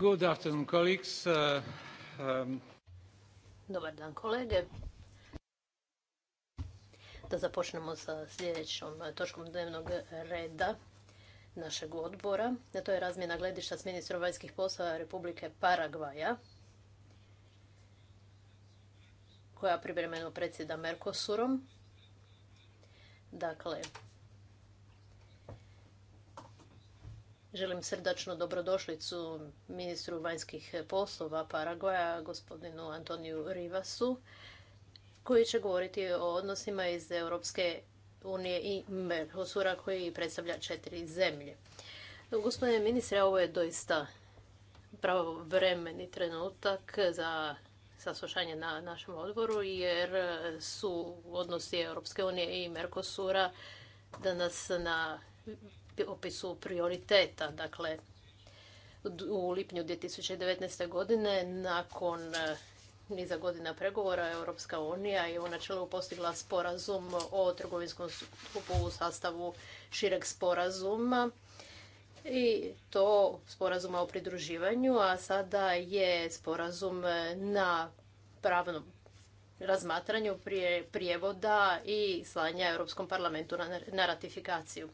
Uh, um, Dobar dan, kolege. Da započnemo sa sljedećom točkom dnevnog reda našeg odbora. A to je razmjena gledišta s ministrom vanjskih poslova Republike Paragvaja, koja privremeno predsjeda Mercosurom. Dakle, Želim srdačnu dobrodošlicu ministru vanjskih poslova Paragoja, gospodinu Antoniju Rivasu, koji će govoriti o odnosima iz Europske unije i Mercosura koji predstavlja četiri zemlje. Gospodine ministre, ovo je doista pravovremeni trenutak za saslušanje na našem odboru, jer su odnosi Europske unije i Mercosura danas na opisu prioriteta. Dakle, u lipnju 2019. godine nakon eh, niza godina pregovora Europska unija je u načelu postigla sporazum o trgovinskom skupu u sastavu šireg sporazuma i to sporazuma o pridruživanju, a sada je sporazum na pravnom razmatranju prijevoda i slanja Europskom parlamentu na ratifikaciju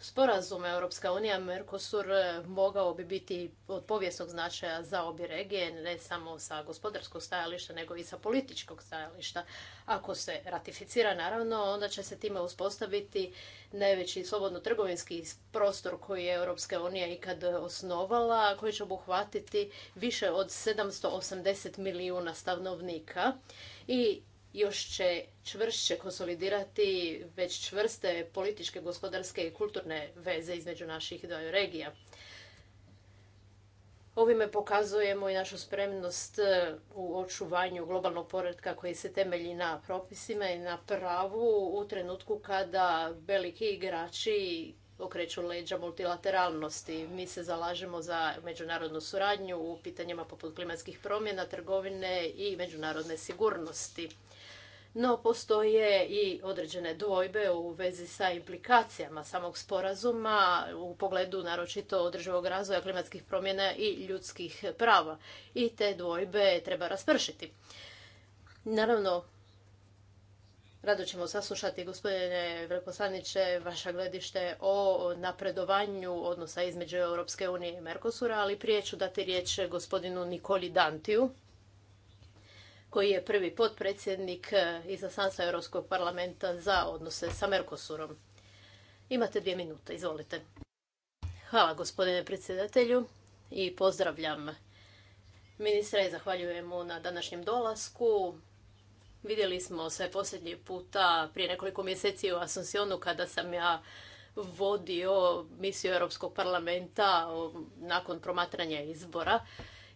sporazum Europska unija Mercosur eh, mogao bi biti od povijesnog značaja za obje regije, ne samo sa gospodarskog stajališta, nego i sa političkog stajališta. Ako se ratificira, naravno, onda će se time uspostaviti najveći slobodno trgovinski prostor koji je Europska unija ikad osnovala, koji će obuhvatiti više od 780 milijuna stanovnika i još će čvršće konsolidirati već čvrste političke, gospodarske i kulturne veze između naših dvaju regija. Ovime pokazujemo i našu spremnost e, u očuvanju globalnog poredka koji se temelji na propisima i na pravu u trenutku kada veliki igrači okreću leđa multilateralnosti. Mi se zalažemo za međunarodnu suradnju u pitanjima poput klimatskih promjena, trgovine i međunarodne sigurnosti. No, postoje i određene dvojbe u vezi sa implikacijama samog sporazuma u pogledu naročito održivog razvoja klimatskih promjena i ljudskih prava. I te dvojbe treba raspršiti. Naravno, Rado ćemo saslušati, gospodine veleposlaniče, vaša gledište o napredovanju odnosa između Europske unije i Merkosura, ali prije ću dati riječ gospodinu Nikoli Dantiju, koji je prvi potpredsjednik izaslanstva Europskog parlamenta za odnose sa Merkosurom. Imate dvije minute, izvolite. Hvala gospodine predsjedatelju i pozdravljam ministra i zahvaljujem na današnjem dolasku. Vidjeli smo se posljednji puta prije nekoliko mjeseci u Asuncionu kada sam ja vodio misiju Europskog parlamenta nakon promatranja izbora.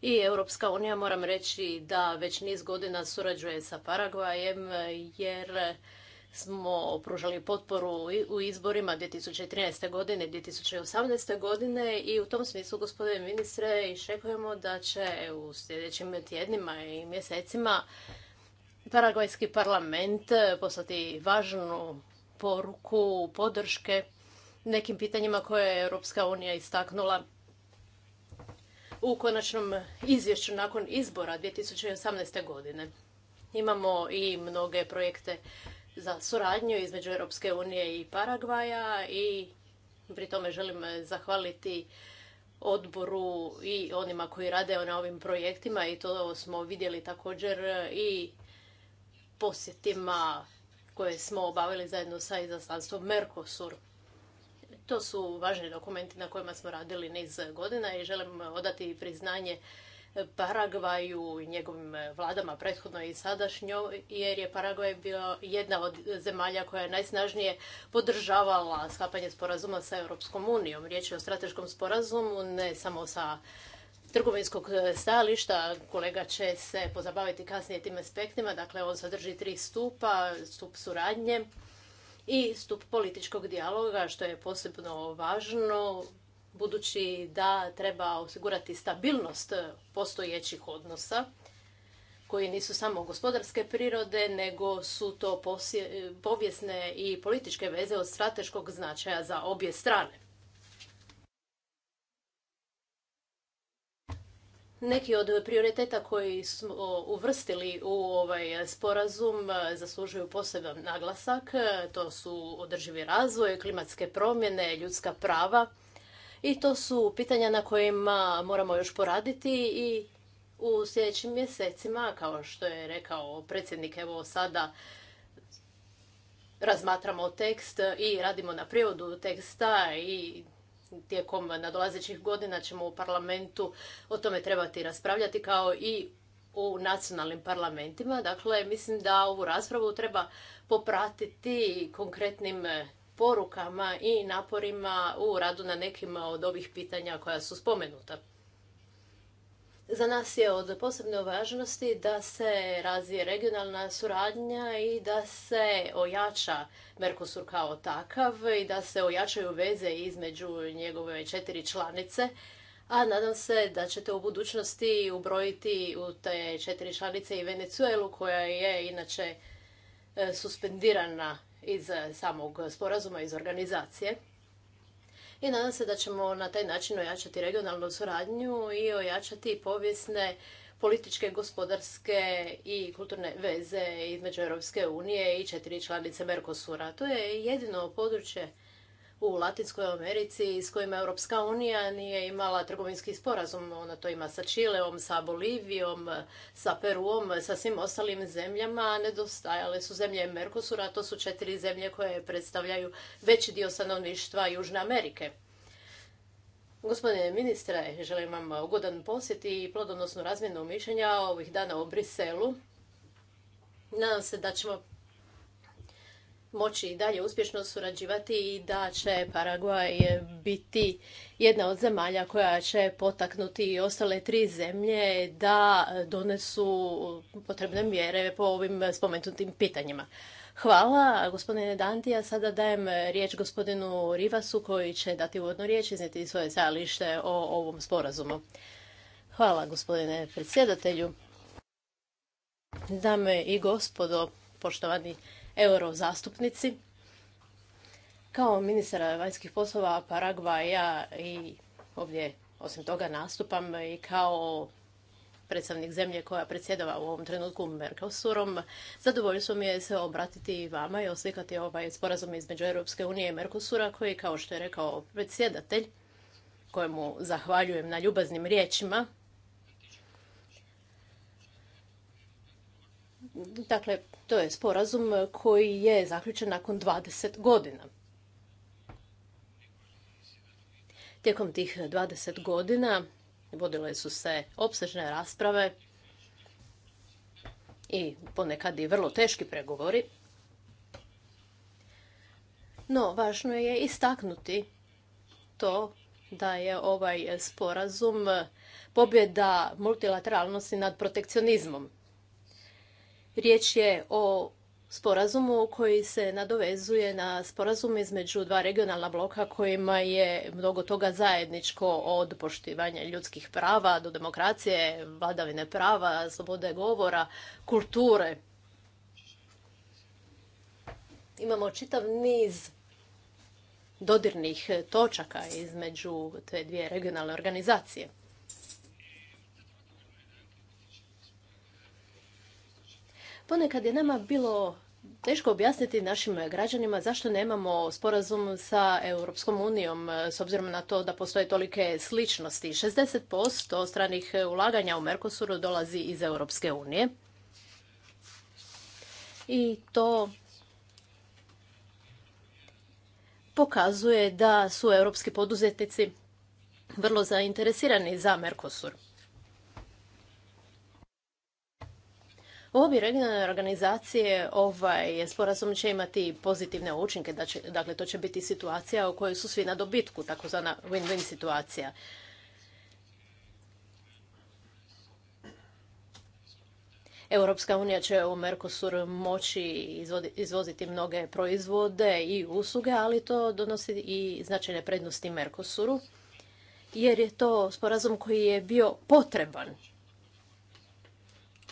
I Europska unija, moram reći, da već niz godina surađuje sa Paragvajem jer smo pružali potporu u izborima 2013. godine i 2018. godine i u tom smislu, gospodine ministre, iščekujemo da će u sljedećim tjednima i mjesecima Paragvajski parlament e, poslati važnu poruku podrške nekim pitanjima koje je Europska unija istaknula u konačnom izvješću nakon izbora 2018. godine. Imamo i mnoge projekte za suradnju između Europske unije i Paragvaja i pri tome želim zahvaliti odboru i onima koji rade na ovim projektima i to smo vidjeli također i posjetima koje smo obavili zajedno sa izaslanstvom Mercosur. To su važni dokumenti na kojima smo radili niz godina i želim odati priznanje Paragvaju i njegovim vladama prethodno i sadašnjo, jer je Paragvaj bio jedna od zemalja koja je najsnažnije podržavala sklapanje sporazuma sa Europskom unijom. Riječ je o strateškom sporazumu, ne samo sa trgovinskog e, stajališta. Kolega će se pozabaviti kasnije tim aspektima. Dakle, on sadrži tri stupa, stup suradnje i stup političkog dijaloga, što je posebno važno budući da treba osigurati stabilnost postojećih odnosa koji nisu samo gospodarske prirode, nego su to povijesne i političke veze od strateškog značaja za obje strane. Neki od prioriteta koji smo uvrstili u ovaj sporazum e, zaslužuju poseban naglasak. E, to su održivi razvoj, klimatske promjene, ljudska prava. I to su pitanja na kojima moramo još poraditi i u sljedećim mjesecima, kao što je rekao predsjednik, evo sada razmatramo tekst i radimo na prijevodu teksta i tijekom nadolazećih godina ćemo u parlamentu o tome trebati raspravljati kao i u nacionalnim parlamentima. Dakle, mislim da ovu raspravu treba popratiti konkretnim e, porukama i naporima u radu na nekima od ovih pitanja koja su spomenuta. Za nas je od posebne važnosti da se razvije regionalna suradnja i da se ojača Mercosur kao takav i da se ojačaju veze između njegove četiri članice, a nadam se da ćete u budućnosti ubrojiti u te četiri članice i Venecuelu koja je inače e, suspendirana iz samog sporazuma, iz organizacije i nadam se da ćemo na taj način ojačati regionalnu suradnju i ojačati povijesne političke, gospodarske i kulturne veze između Europske unije i četiri članice Mercosura. To je jedino područje u Latinskoj Americi s kojima Europska unija nije imala trgovinski sporazum. Ona to ima sa Čileom, sa Bolivijom, sa Peruom, sa svim ostalim zemljama. Nedostajale su zemlje a to su četiri zemlje koje predstavljaju veći dio stanovništva Južne Amerike. Gospodine ministre, želim vam ugodan posjet i plodonosnu razmjenu mišljenja ovih dana u Briselu. Nadam se da ćemo moći i dalje uspješno surađivati i da će Paraguaj biti jedna od zemalja koja će potaknuti i ostale tri zemlje da donesu potrebne mjere po ovim spomenutim pitanjima. Hvala, gospodine Dantija. Sada dajem riječ gospodinu Rivasu koji će dati uvodnu riječ i iznijeti svoje stajalište o ovom sporazumu. Hvala, gospodine predsjedatelju. Dame i gospodo, poštovani eurozastupnici. Kao ministar vanjskih poslova Paragvaja i ovdje osim toga nastupam i kao predstavnik zemlje koja predsjedava u ovom trenutku Mercosurom. Zadovoljstvo mi je se obratiti i vama i oslikati ovaj sporazum između Europske unije i Mercosura koji, kao što je rekao predsjedatelj, kojemu zahvaljujem na ljubaznim riječima, Dakle, to je sporazum koji je zaključen nakon 20 godina. Tijekom tih 20 godina vodile su se opsežne rasprave i ponekad i vrlo teški pregovori. No, važno je istaknuti to da je ovaj sporazum pobjeda multilateralnosti nad protekcionizmom. Riječ je o sporazumu koji se nadovezuje na sporazum između dva regionalna bloka kojima je mnogo toga zajedničko od poštivanja ljudskih prava do demokracije, vladavine prava, slobode govora, kulture. Imamo čitav niz dodirnih točaka između te dvije regionalne organizacije. Ponekad je nama bilo teško objasniti našim građanima zašto nemamo sporazum sa Europskom unijom e, s obzirom na to da postoje tolike sličnosti. 60% stranih ulaganja u merkosuru dolazi iz Europske unije. I to pokazuje da su europski poduzetnici vrlo zainteresirani za Mercosur. Obje regionalne organizacije ovaj sporazum će imati pozitivne učinke, da će, dakle to će biti situacija u kojoj su svi na dobitku, takozvana win-win situacija. Europska unija će u Mercosur moći izvoziti mnoge proizvode i usluge, ali to donosi i značajne prednosti Mercosuru, jer je to sporazum koji je bio potreban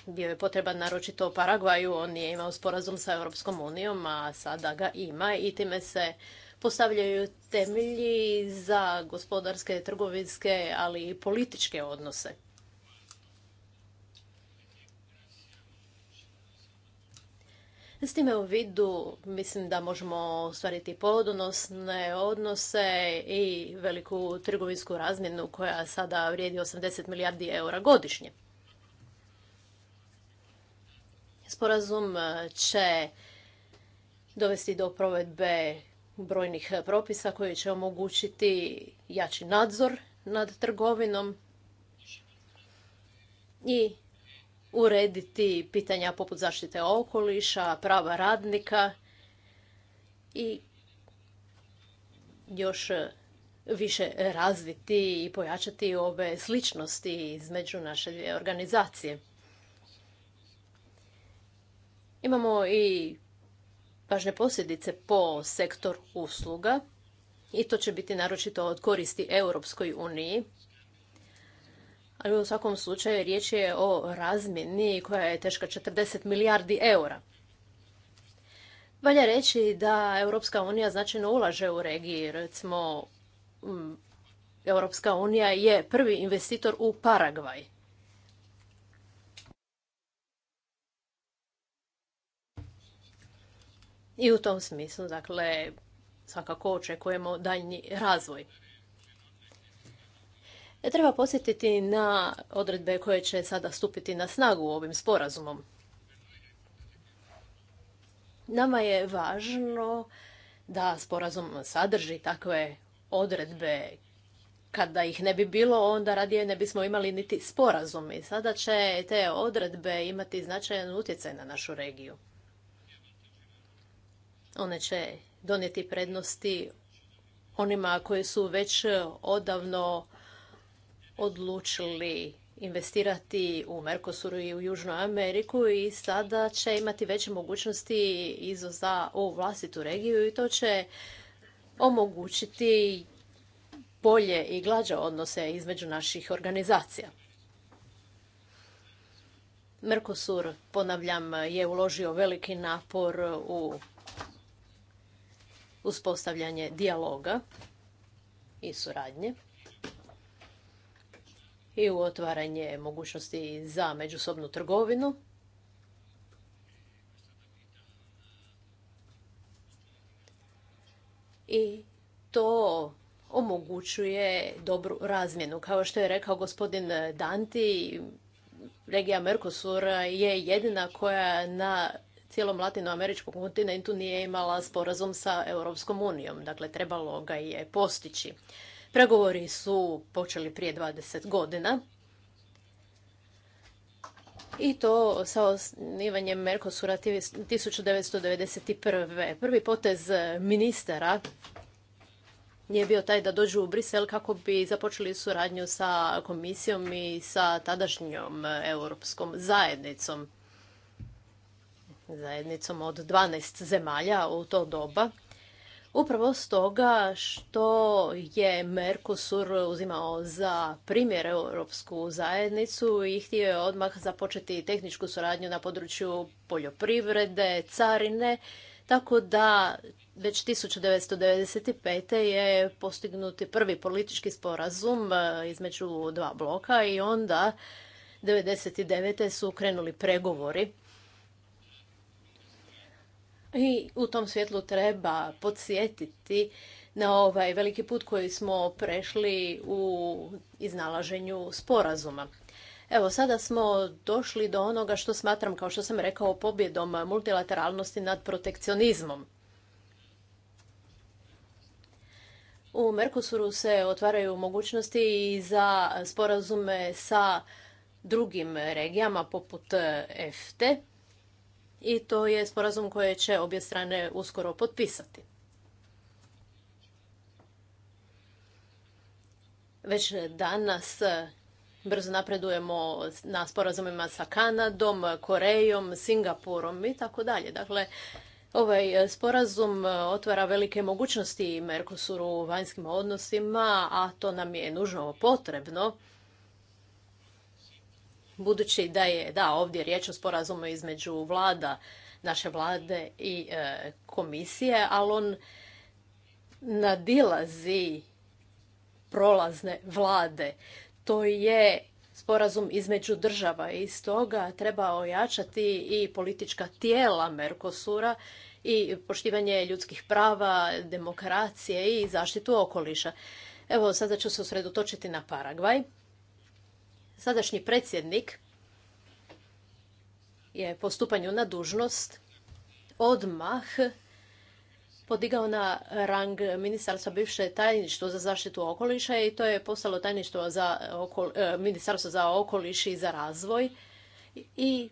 bio je potreban naročito Paragvaju, on je imao sporazum sa Europskom unijom, a sada ga ima i time se postavljaju temelji za gospodarske, trgovinske, ali i političke odnose. S time u vidu mislim da možemo ostvariti podonosne odnose i veliku trgovinsku razmjenu koja sada vrijedi 80 milijardi eura godišnje. Sporazum e, će dovesti do provedbe brojnih propisa koji će omogućiti jači nadzor nad trgovinom i urediti pitanja poput zaštite okoliša, prava radnika i još više razviti i pojačati ove sličnosti između naše dvije organizacije. Imamo i važne posljedice po sektor usluga i to će biti naročito od koristi Europskoj uniji. Ali u svakom slučaju riječ je o razmjeni koja je teška 40 milijardi eura. Valja reći da Europska unija značajno ulaže u regiji. Recimo, mm, Europska unija je prvi investitor u Paragvaj. I u tom smislu, dakle, svakako očekujemo daljnji razvoj. E, treba posjetiti na odredbe koje će sada stupiti na snagu ovim sporazumom. Nama je važno da sporazum sadrži takve odredbe kada ih ne bi bilo, onda radije ne bismo imali niti sporazum i sada će te odredbe imati značajan utjecaj na našu regiju. One će donijeti prednosti onima koji su već odavno odlučili investirati u Mercosuru i u Južnu Ameriku i sada će imati veće mogućnosti izvoza u vlastitu regiju i to će omogućiti bolje i glađe odnose između naših organizacija. Mercosur, ponavljam, je uložio veliki napor u uspostavljanje dijaloga i suradnje i u otvaranje mogućnosti za međusobnu trgovinu. I to omogućuje dobru razmjenu. Kao što je rekao gospodin Danti, regija Mercosur je jedina koja na cijelom latinoameričkom kontinentu nije imala sporazum sa Europskom unijom. Dakle, trebalo ga je postići. Pregovori su počeli prije 20 godina i to sa osnivanjem Mercosura 1991. Prvi potez ministara nije bio taj da dođu u Brisel kako bi započeli suradnju sa komisijom i sa tadašnjom europskom zajednicom zajednicom od 12 zemalja u to doba. Upravo stoga što je Mercosur uzimao za primjer europsku zajednicu i htio je odmah započeti tehničku suradnju na području poljoprivrede, carine, tako da već 1995. je postignuti prvi politički sporazum e, između dva bloka i onda 1999. su krenuli pregovori i u tom svjetlu treba podsjetiti na ovaj veliki put koji smo prešli u iznalaženju sporazuma. Evo, sada smo došli do onoga što smatram, kao što sam rekao, pobjedom multilateralnosti nad protekcionizmom. U Mercosuru se otvaraju mogućnosti i za sporazume sa drugim regijama poput EFTE i to je sporazum koje će obje strane uskoro potpisati. Već danas brzo napredujemo na sporazumima sa Kanadom, Korejom, Singapurom i tako dalje. Dakle, ovaj sporazum otvara velike mogućnosti Merkosuru u vanjskim odnosima, a to nam je nužno potrebno Budući da je da, ovdje riječ o sporazumu između vlada, naše vlade i e, komisije, ali on nadilazi prolazne vlade. To je sporazum između država i stoga treba ojačati i politička tijela Merkosura i poštivanje ljudskih prava, demokracije i zaštitu okoliša. Evo, sada ću se usredotočiti na Paragvaj sadašnji predsjednik je po stupanju na dužnost odmah podigao na rang ministarstva bivše tajništvo za zaštitu okoliša i to je postalo tajništvo za e, ministarstvo za okoliš i za razvoj i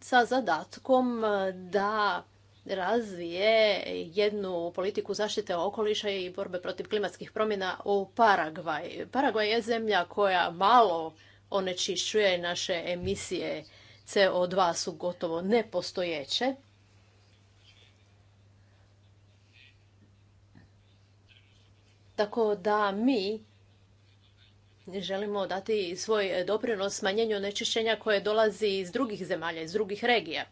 sa zadatkom da razvije jednu politiku zaštite okoliša i borbe protiv klimatskih promjena u Paragvaj. Paragvaj je zemlja koja malo onečišćuje naše emisije CO2 su gotovo nepostojeće. Tako da mi želimo dati svoj doprinos smanjenju onečišćenja koje dolazi iz drugih zemalja, iz drugih regija.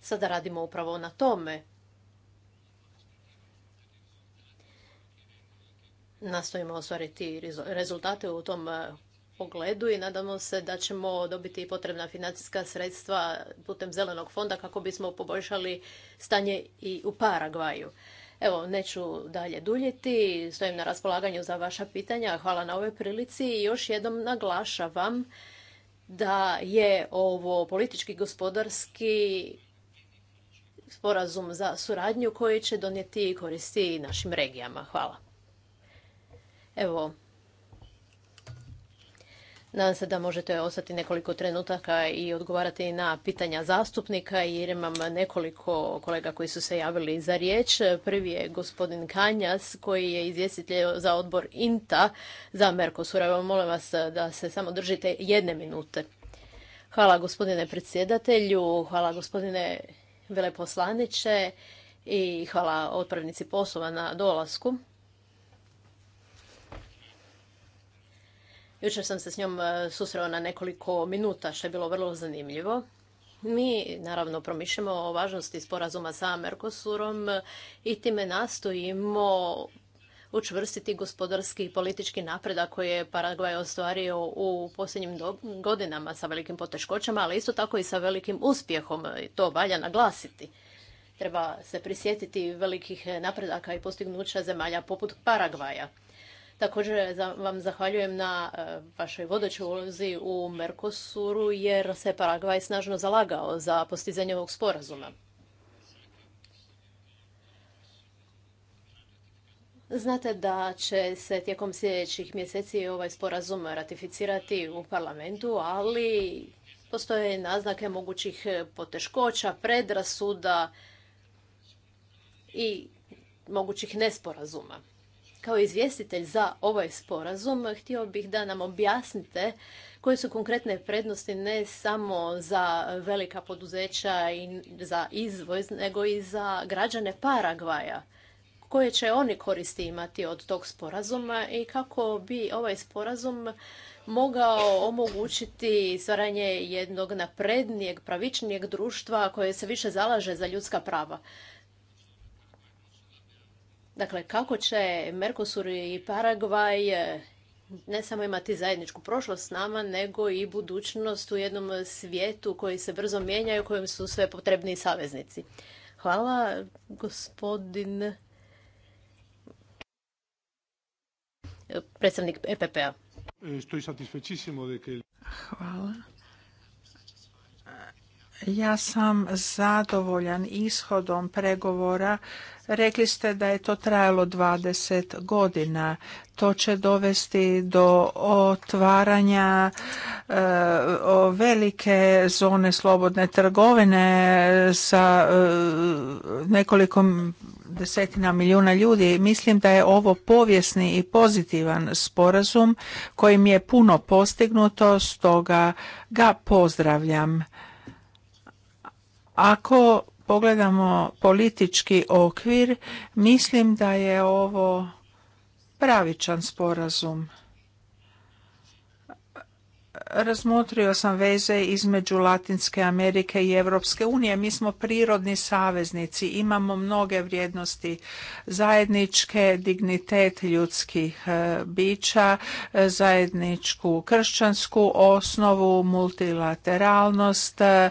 Sada radimo upravo na tome. nastojimo ostvariti rezultate u tom e, pogledu i nadamo se da ćemo dobiti potrebna financijska sredstva putem zelenog fonda kako bismo poboljšali stanje i u Paragvaju. Evo, neću dalje duljiti, stojim na raspolaganju za vaša pitanja. Hvala na ovoj prilici i još jednom naglašavam da je ovo politički gospodarski sporazum za suradnju koji će donijeti koristi našim regijama. Hvala. Evo, nadam se da možete ostati nekoliko trenutaka i odgovarati na pitanja zastupnika jer imam nekoliko kolega koji su se javili za riječ. Prvi je gospodin Kanjas koji je izvjestitelj za odbor INTA za Merkosur. Evo, molim vas da se samo držite jedne minute. Hvala gospodine predsjedatelju, hvala gospodine veleposlaniče i hvala otpravnici poslova na dolasku. Jučer sam se s njom e, susreo na nekoliko minuta, što je bilo vrlo zanimljivo. Mi, naravno, promišljamo o važnosti sporazuma sa Mercosurom i time nastojimo učvrstiti gospodarski i politički napredak koji je Paragvaj ostvario u posljednjim godinama sa velikim poteškoćama, ali isto tako i sa velikim uspjehom. To valja naglasiti. Treba se prisjetiti velikih napredaka i postignuća zemalja poput Paragvaja. Također vam zahvaljujem na e, vašoj vodećoj ulozi u Mercosuru jer se Paragvaj snažno zalagao za postizanje ovog sporazuma. Znate da će se tijekom sljedećih mjeseci ovaj sporazum ratificirati u parlamentu, ali postoje naznake mogućih poteškoća, predrasuda i mogućih nesporazuma. Kao izvjestitelj za ovaj sporazum htio bih da nam objasnite koje su konkretne prednosti ne samo za velika poduzeća i za izvoz, nego i za građane Paragvaja. Koje će oni koristi imati od tog sporazuma i kako bi ovaj sporazum mogao omogućiti stvaranje jednog naprednijeg, pravičnijeg društva koje se više zalaže za ljudska prava. Dakle, kako će Mercosur i Paragvaj e, ne samo imati zajedničku prošlost s nama, nego i budućnost u jednom svijetu koji se brzo mijenja i u kojem su sve potrebni saveznici. Hvala, gospodin e, predstavnik EPP-a. Hvala. Ja sam zadovoljan ishodom pregovora. Rekli ste da je to trajalo 20 godina. To će dovesti do otvaranja e, velike zone slobodne trgovine sa e, nekoliko desetina milijuna ljudi. Mislim da je ovo povijesni i pozitivan sporazum kojim je puno postignuto, stoga ga pozdravljam. Ako pogledamo politički okvir, mislim da je ovo pravičan sporazum. Razmotrio sam veze između Latinske Amerike i Europske unije. Mi smo prirodni saveznici, imamo mnoge vrijednosti zajedničke, dignitet ljudskih e, bića, e, zajedničku kršćansku osnovu, multilateralnost, e,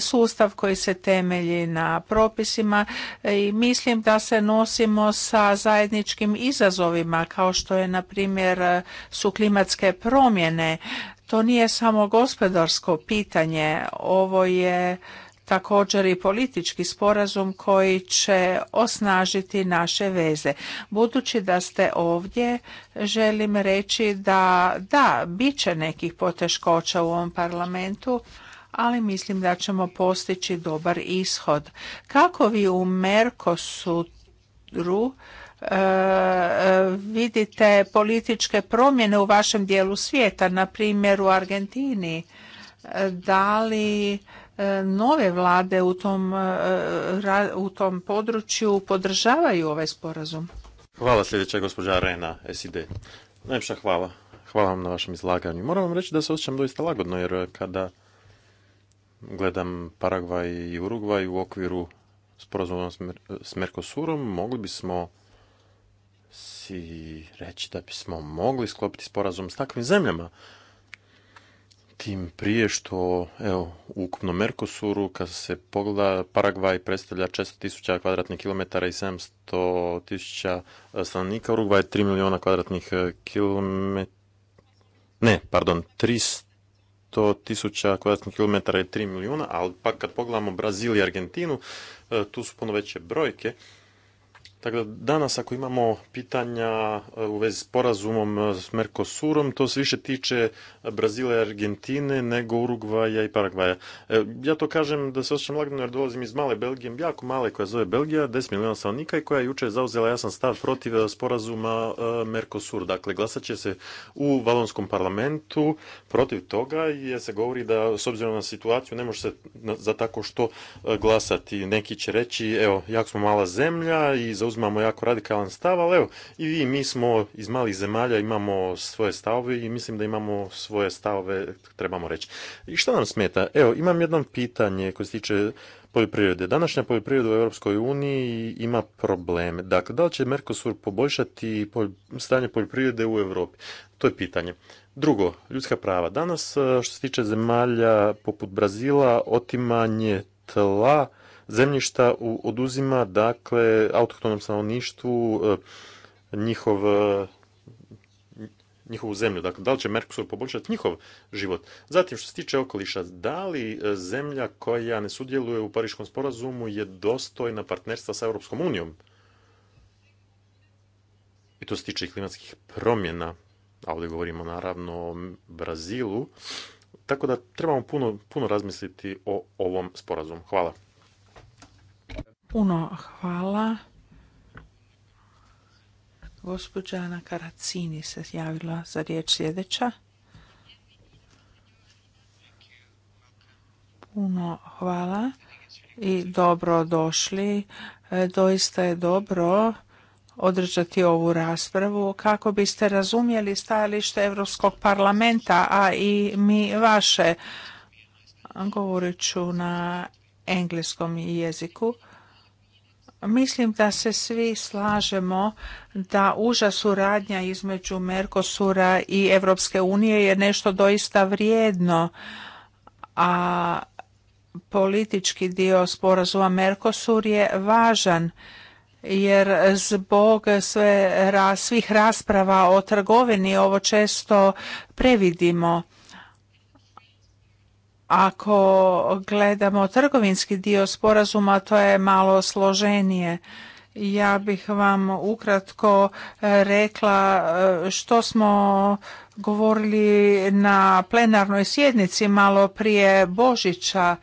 sustav koji se temelji na propisima i mislim da se nosimo sa zajedničkim izazovima kao što je na primjer su klimatske promjene to nije samo gospodarsko pitanje, ovo je također i politički sporazum koji će osnažiti naše veze. Budući da ste ovdje, želim reći da da, bit će nekih poteškoća u ovom parlamentu, ali mislim da ćemo postići dobar ishod. Kako vi u Merkosuru E, e, vidite političke promjene u vašem dijelu svijeta, na primjer u Argentini. E, da li nove vlade u tom, u tom području podržavaju ovaj sporazum? Hvala sljedeća gospođa Arena, SID. Najpša hvala. Hvala vam na vašem izlaganju. Moram vam reći da se osjećam doista lagodno, jer kada gledam Paragvaj i Urugvaj u okviru sporazuma s Mercosurom, mogli bismo si reći da bismo mogli sklopiti sporazum s takvim zemljama. Tim prije što, evo, u ukupnom Merkosuru, kad se pogleda, Paragvaj predstavlja 400.000 kvadratnih kilometara i 700.000 e, stanovnika, Urugvaj je 3 milijuna kvadratnih e, kilometara, ne, pardon, 300.000 kvadratnih kilometara je 3 milijuna, ali pak kad pogledamo Brazil i Argentinu, e, tu su puno veće brojke da dakle, danas ako imamo pitanja e, u vezi s porazumom e, s Mercosurom, to se više tiče Brazila i Argentine nego Urugvaja i Paragvaja. E, ja to kažem da se osjećam lagno jer dolazim iz male Belgije, jako male koja zove Belgija, 10 milijuna stanovnika i koja je jučer zauzela jasan stav protiv sporazuma Mercosur. Dakle, glasat će se u Valonskom parlamentu protiv toga jer se govori da s obzirom na situaciju ne može se za tako što glasati. Neki će reći, evo, jako smo mala zemlja i za zauzmamo jako radikalan stav, ali evo, i vi, mi smo iz malih zemalja, imamo svoje stavove i mislim da imamo svoje stavove, trebamo reći. I što nam smeta? Evo, imam jedno pitanje koje se tiče poljoprivrede. Današnja poljoprivreda u Europskoj uniji ima probleme. Dakle, da li će Mercosur poboljšati stanje poljoprivrede u Europi? To je pitanje. Drugo, ljudska prava. Danas, eh, što se tiče zemalja poput Brazila, otimanje tla zemljišta oduzima, dakle, autohtonom stanovništvu e, njihov e, njihovu zemlju. Dakle, da li će Mercosur poboljšati njihov život? Zatim, što se tiče okoliša, da li e, zemlja koja ne sudjeluje u Pariškom sporazumu je dostojna partnerstva sa Europskom unijom? I to se tiče i klimatskih promjena, a ovdje govorimo naravno o Brazilu. Tako da trebamo puno, puno razmisliti o ovom sporazumu. Hvala. Puno hvala. Gospođa Karacini se javila za riječ sljedeća. Puno hvala i dobro došli. E, doista je dobro održati ovu raspravu kako biste razumjeli stajalište Europskog parlamenta, a i mi vaše. Govorit ću na engleskom jeziku. Mislim da se svi slažemo da uža suradnja između Merkosura i Europske unije je nešto doista vrijedno, a politički dio sporazuma Merkosur je važan jer zbog sve, svih rasprava o trgovini ovo često previdimo. Ako gledamo trgovinski dio sporazuma, to je malo složenije. Ja bih vam ukratko e, rekla e, što smo govorili na plenarnoj sjednici malo prije Božića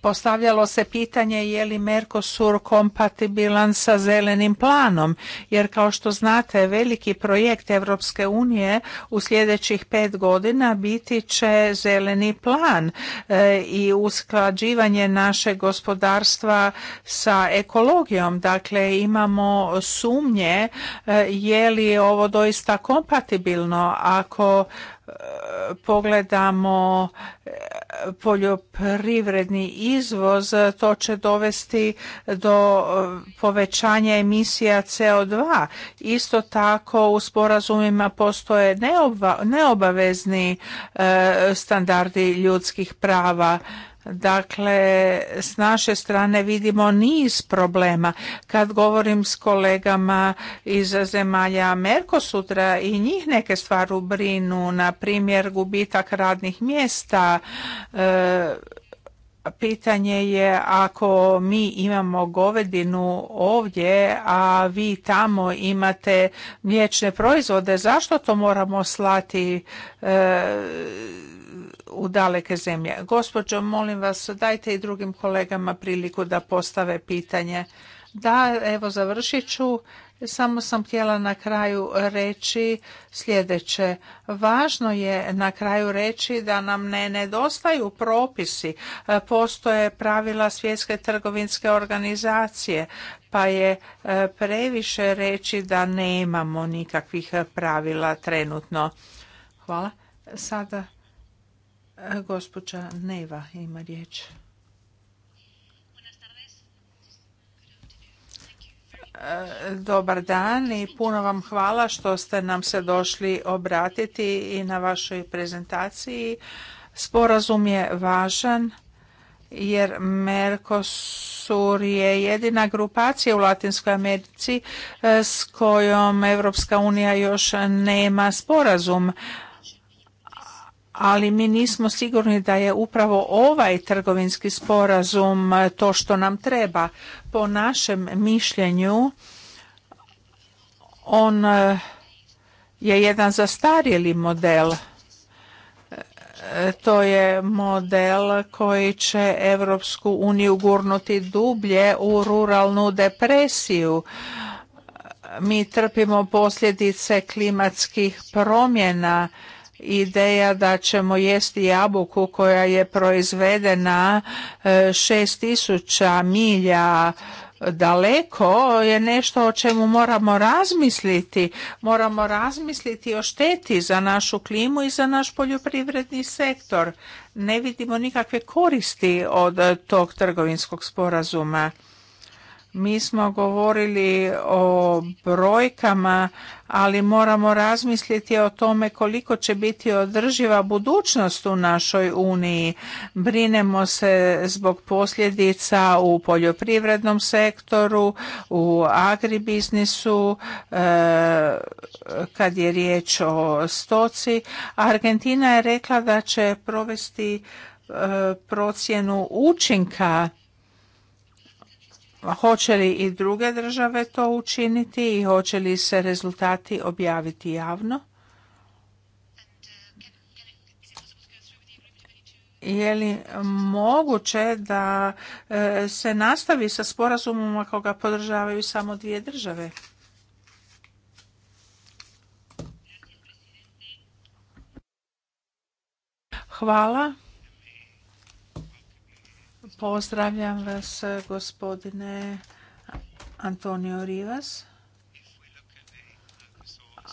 postavljalo se pitanje je li Mercosur kompatibilan sa zelenim planom, jer kao što znate veliki projekt Evropske unije u sljedećih pet godina biti će zeleni plan e, i usklađivanje našeg gospodarstva sa ekologijom. Dakle, imamo sumnje e, je li ovo doista kompatibilno ako pogledamo e, poljoprivredni izvoz, to će dovesti do e, povećanja emisija CO2. Isto tako u sporazumima postoje neobavezni e, standardi ljudskih prava Dakle, s naše strane vidimo niz problema. Kad govorim s kolegama iz zemalja Merkosutra i njih neke stvari brinu, na primjer gubitak radnih mjesta, e, Pitanje je ako mi imamo govedinu ovdje, a vi tamo imate mliječne proizvode, zašto to moramo slati e, u daleke zemlje. Gospođo, molim vas, dajte i drugim kolegama priliku da postave pitanje. Da, evo završit ću. Samo sam htjela na kraju reći sljedeće. Važno je na kraju reći da nam ne nedostaju propisi. E, postoje pravila svjetske trgovinske organizacije, pa je e, previše reći da nemamo nikakvih pravila trenutno. Hvala. Sada Gospođa Neva ima riječ. Dobar dan i puno vam hvala što ste nam se došli obratiti i na vašoj prezentaciji. Sporazum je važan jer Mercosur je jedina grupacija u Latinskoj Americi eh, s kojom Europska unija još nema sporazum ali mi nismo sigurni da je upravo ovaj trgovinski sporazum eh, to što nam treba. Po našem mišljenju on eh, je jedan zastarjeli model. Eh, to je model koji će Evropsku uniju gurnuti dublje u ruralnu depresiju. Mi trpimo posljedice klimatskih promjena ideja da ćemo jesti jabuku koja je proizvedena 6000 e, milja daleko je nešto o čemu moramo razmisliti. Moramo razmisliti o šteti za našu klimu i za naš poljoprivredni sektor. Ne vidimo nikakve koristi od tog trgovinskog sporazuma. Mi smo govorili o brojkama, ali moramo razmisliti o tome koliko će biti održiva budućnost u našoj Uniji. Brinemo se zbog posljedica u poljoprivrednom sektoru, u agribiznisu, e, kad je riječ o stoci. Argentina je rekla da će provesti e, procjenu učinka Hoće li i druge države to učiniti i hoće li se rezultati objaviti javno? Je li moguće da e, se nastavi sa sporazumom ako ga podržavaju samo dvije države? Hvala. Pozdravljam vas gospodine Antonio Rivas.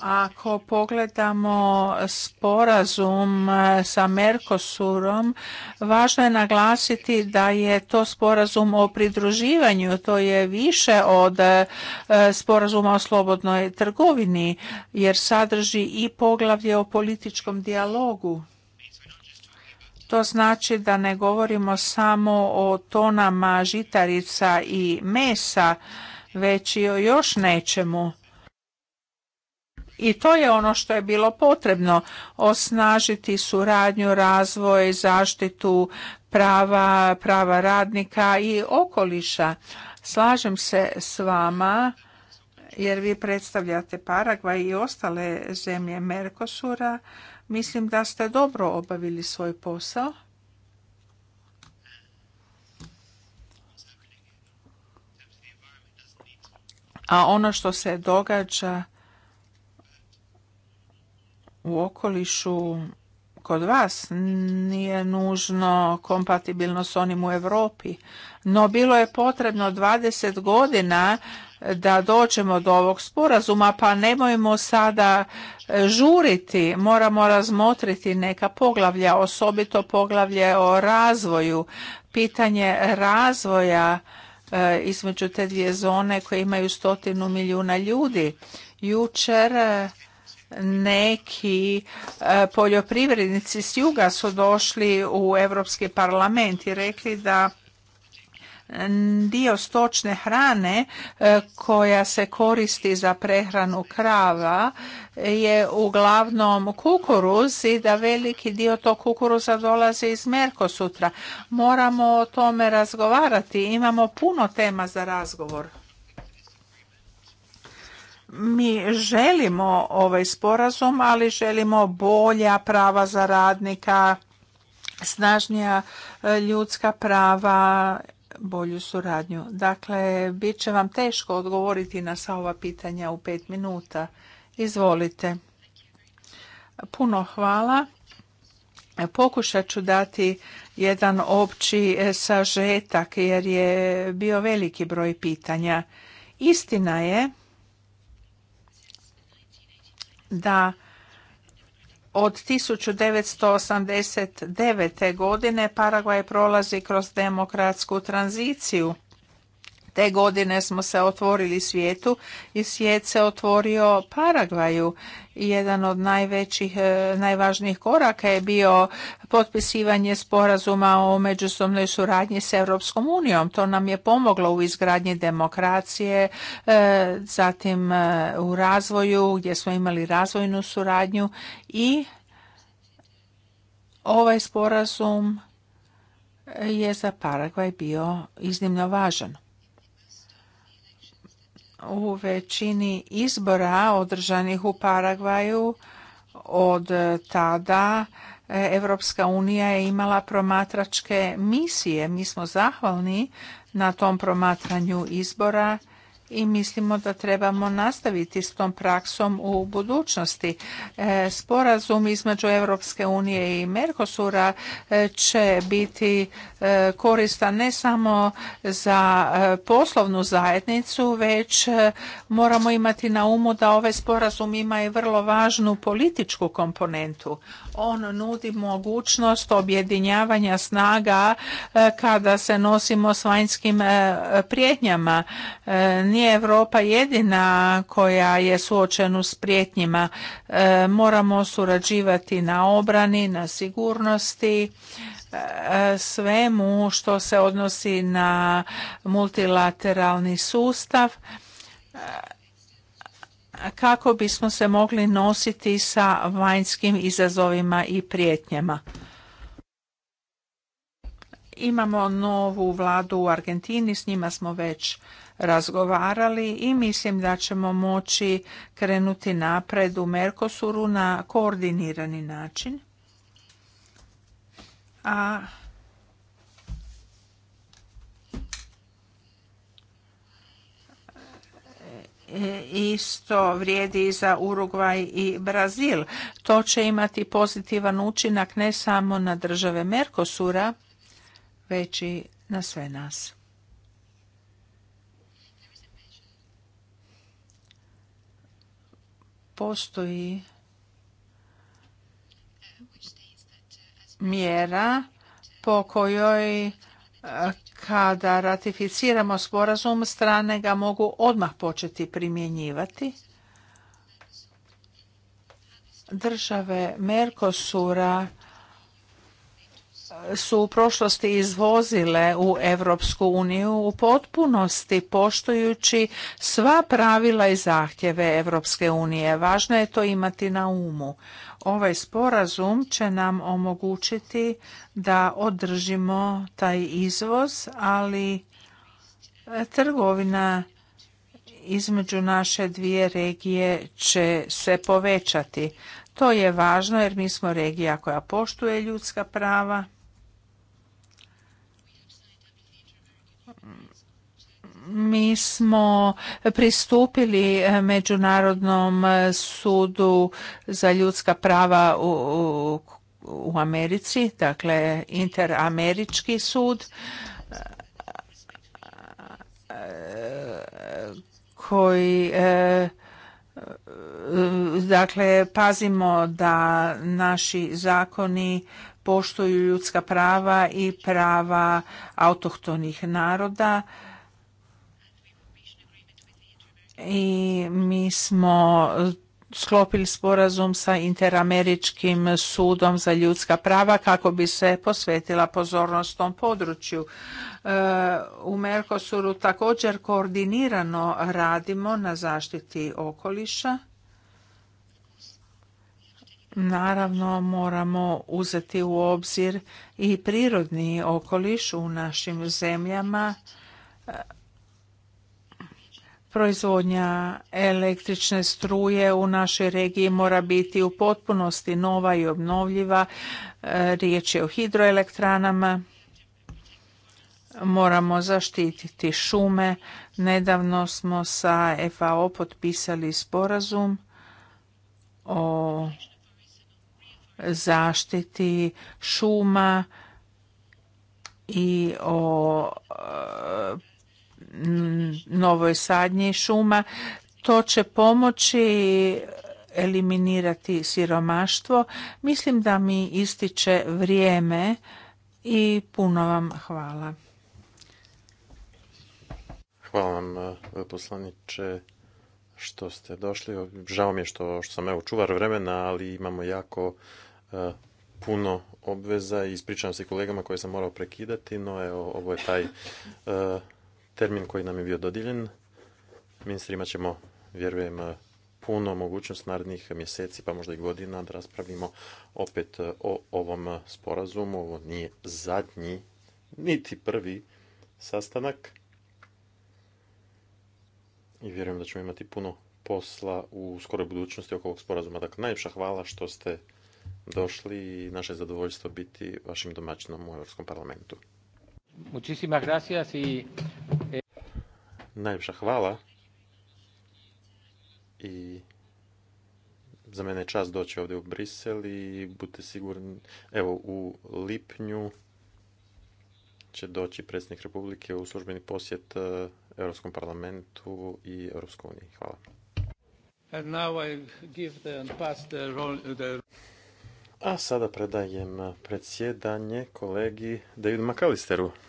Ako pogledamo sporazum sa Mercosurom, važno je naglasiti da je to sporazum o pridruživanju, to je više od e, sporazuma o slobodnoj trgovini jer sadrži i poglavlje o političkom dijalogu. To znači da ne govorimo samo o tonama žitarica i mesa, već i o još nečemu. I to je ono što je bilo potrebno, osnažiti suradnju, razvoj, zaštitu prava, prava radnika i okoliša. Slažem se s vama jer vi predstavljate Paragvaj i ostale zemlje Merkosura, Mislim da ste dobro obavili svoj posao. A ono što se događa u okolišu kod vas nije nužno kompatibilno s onim u Europi. No bilo je potrebno 20 godina da dođemo do ovog sporazuma, pa nemojmo sada e, žuriti, moramo razmotriti neka poglavlja, osobito poglavlje o razvoju, pitanje razvoja e, između te dvije zone koje imaju stotinu milijuna ljudi. Jučer e, neki poljoprivrednici s juga su došli u Europski parlament i rekli da dio stočne hrane e, koja se koristi za prehranu krava je uglavnom kukuruz i da veliki dio tog kukuruza dolazi iz Merkosutra. Moramo o tome razgovarati. Imamo puno tema za razgovor. Mi želimo ovaj sporazum, ali želimo bolja prava za radnika, snažnija e, ljudska prava bolju suradnju. Dakle, bit će vam teško odgovoriti na sva ova pitanja u pet minuta. Izvolite. Puno hvala. Pokušat ću dati jedan opći sažetak jer je bio veliki broj pitanja. Istina je da od 1989. godine Paragvaj prolazi kroz demokratsku tranziciju te godine smo se otvorili svijetu i svijet se otvorio Paragvaju. Jedan od najvećih, e, najvažnijih koraka je bio potpisivanje sporazuma o međusobnoj suradnji s Europskom unijom. To nam je pomoglo u izgradnji demokracije, e, zatim e, u razvoju gdje smo imali razvojnu suradnju i ovaj sporazum je za Paragvaj bio iznimno važan u većini izbora održanih u Paragvaju od tada e, Evropska unija je imala promatračke misije. Mi smo zahvalni na tom promatranju izbora i mislimo da trebamo nastaviti s tom praksom u budućnosti. E, sporazum između Europske unije i Mercosura e, će biti e, koristan ne samo za poslovnu zajednicu, već moramo imati na umu da ovaj sporazum ima i vrlo važnu političku komponentu on nudi mogućnost objedinjavanja snaga e, kada se nosimo s vanjskim e, prijetnjama. E, nije Europa jedina koja je suočena s prijetnjima. Moramo surađivati na obrani, na sigurnosti, svemu što se odnosi na multilateralni sustav kako bismo se mogli nositi sa vanjskim izazovima i prijetnjama. Imamo novu vladu u Argentini, s njima smo već razgovarali i mislim da ćemo moći krenuti napred u Merkosuru na koordinirani način. A isto vrijedi i za Urugvaj i Brazil. To će imati pozitivan učinak ne samo na države Merkosura, već i na sve nas. Postoji mjera po kojoj kada ratificiramo sporazum, strane ga mogu odmah početi primjenjivati. Države Merkosura su u prošlosti izvozile u Europsku uniju u potpunosti poštujući sva pravila i zahtjeve Europske unije. Važno je to imati na umu. Ovaj sporazum će nam omogućiti da održimo taj izvoz, ali e, trgovina između naše dvije regije će se povećati. To je važno jer mi smo regija koja poštuje ljudska prava mi smo pristupili eh, Međunarodnom eh, sudu za ljudska prava u, Americi, dakle Interamerički sud eh, koji dakle pazimo da naši zakoni poštuju ljudska prava i prava autohtonih naroda i mi smo sklopili sporazum sa Interameričkim sudom za ljudska prava kako bi se posvetila pozornost tom području. E, u Mercosuru također koordinirano radimo na zaštiti okoliša. Naravno moramo uzeti u obzir i prirodni okoliš u našim zemljama Proizvodnja električne struje u našoj regiji mora biti u potpunosti nova i obnovljiva. E, riječ je o hidroelektranama. Moramo zaštititi šume. Nedavno smo sa FAO potpisali sporazum o zaštiti šuma i o e, novoj sadnji šuma. To će pomoći eliminirati siromaštvo. Mislim da mi ističe vrijeme i puno vam hvala. Hvala vam, eh, poslaniče, što ste došli. Žao mi je što, sam evo čuvar vremena, ali imamo jako eh, puno obveza i ispričavam se kolegama koje sam morao prekidati, no evo, ovo je taj eh, termin koji nam je bio dodijeljen. imat ćemo, vjerujem, puno mogućnost narednih mjeseci, pa možda i godina, da raspravimo opet e, o ovom sporazumu. Ovo nije zadnji, niti prvi sastanak. I vjerujem da ćemo imati puno posla u skoroj budućnosti oko ovog sporazuma. Dakle, najljepša hvala što ste došli i naše zadovoljstvo biti vašim domaćinom u Europskom parlamentu. Muchísimas gracias Najljepša hvala i za mene je čast doći ovdje u Brisel i budite sigurni, evo u lipnju će doći predsjednik Republike u službeni posjet e, Europskom parlamentu i Europskoj uniji. Hvala. A sada predajem predsjedanje kolegi Davidu McAllisteru.